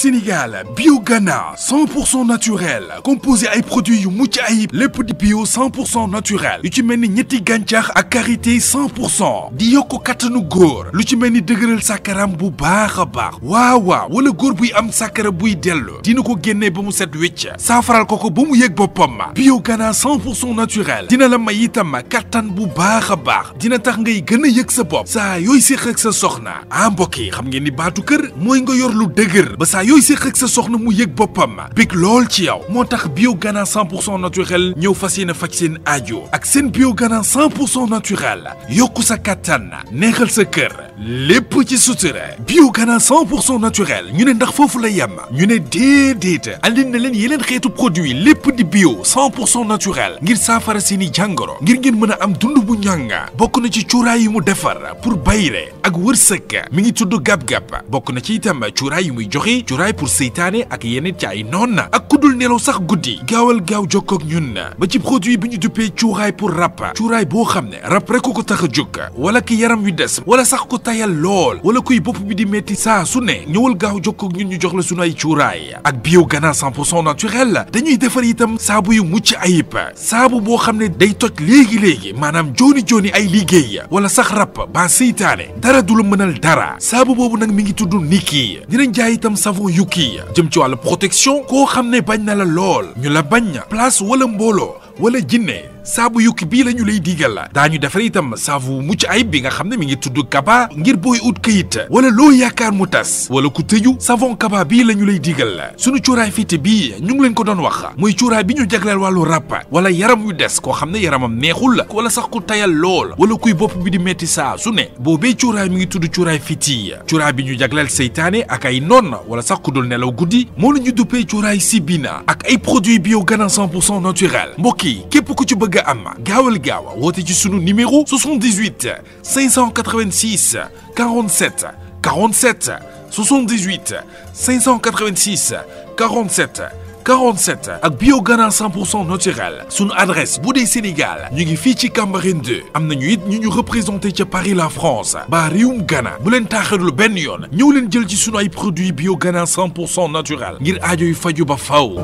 Sénégal bio Ghana 100 pour cent naturel composé ay produits yu mucc ay lépp di bio 100 pour naturel yu ci mel ni ñetti gàncax ak quarité 100 pour di yokk kattanu góor lu ci mel ni dëgëral sàkkaram bu baax a baax waaw waaw wala góor buy am sàkkara buy dellu dina ko génnee ba mu set wecc saafaral ko ko ba mu yëg boppam bio Ghana 100 pour cent naturel dina la may itam kattan bu baax a baax dina tax ngay gën a yëg sa bopp saa yooyu séq sa soxna ah mbokk yi xam ngeen ni baatu kër mooy nga yor lu dëgër yooyu séq ak sa soxna mu yëg boppam big lool ci yow moo tax bio Ghana 100 pour cent naturel ñëw fas yéene faj seen aajo ak seen bio Ghana 100 pour cent naturel yokku sa kattan neexal sa kër lépp ci sutura Bio-Kana 100 pour cent naturel ñu ne ndax foofu la yem ñu ne déedéet andi na leen yeneen xeetu produit lépp di bio 100 pour cent naturel ngir saafara seeni jàngoro ngir ngeen mën a am dund bu ñoŋ bokk na ci cuuraay yu mu defar pour bayre ak wërsëg mi ngi tudd gàpp gab bokk na ci itam cuuraay yu muy joxe cuuraay pour seytaane ak yeneen ci ay noon ak kuddul nelaw sax guddi gaawal gaaw jokkoo ak ñun ba ci produit bi ñu duppee cuuraay pour rab cuuraay boo xam ne rab rek ko tax a wala ki yaram wi des tayal lool wala kuy bopp bi di metti saa su ne ñëwal gaaw jokkoog ñun ñu jox la sunu ay cuuraay ak bio Ghana 100% naturel dañuy defar itam saabu yu mucc ayib saabu boo xam ne day toj léegi-léegi maanaam jooni jooni ay liggéey wala sax rab ba seytaane dara du la mënal dara saabu boobu nag mi ngi tudd Niki dinañ jaay itam savon Yuki jëm ci wàllu protection koo xam ne bañ na la lool ñu la bañ place wala mbooloo wala jinne saabu yukki bii la ñu lay diigal la daa ñu defar itam saabu mucc ayib bi nga xam ne mi ngi tudd kaba ngir booy ut këyit wala loo yaakaar mu tas wala ku tëju savon kaba bii la ñu lay diigal la suñu cuuraay fitte bii ñu ngi leen ko doon wax muy cuuraay bi ñu jagleel wàllu ràpp wala yaram yu des koo xam ne yaramam neexul la wala sax ku tayal lool wala kuy bopp bi di metti saa su ne boobee cuuraay mi ngi tudd cuuraay fitti cuuraay bi ñu jagleel seytaane ak ay noon wala sax ku nelaw guddi moo la ñu duppee cuuraay sibina ak ay produits bio gana 100 pour cent naturel mbokk yi bëgg a am gaawal gaaw woote ci sunu numéro 78 586 47 47 78 586 47 47 ak bio gana 100 pour cent naturel sunu adresse bu dee Sénégal ñu ngi fii ci kambarin 2 am nañu it ñu ñu représenté ca Paris la France ba réewum gana bu leen taaxirlu benn yoon ñëw leen jël ci sunu ay produit bio Ghana 100 pour cent naturel ngir aajo yu faju ba faw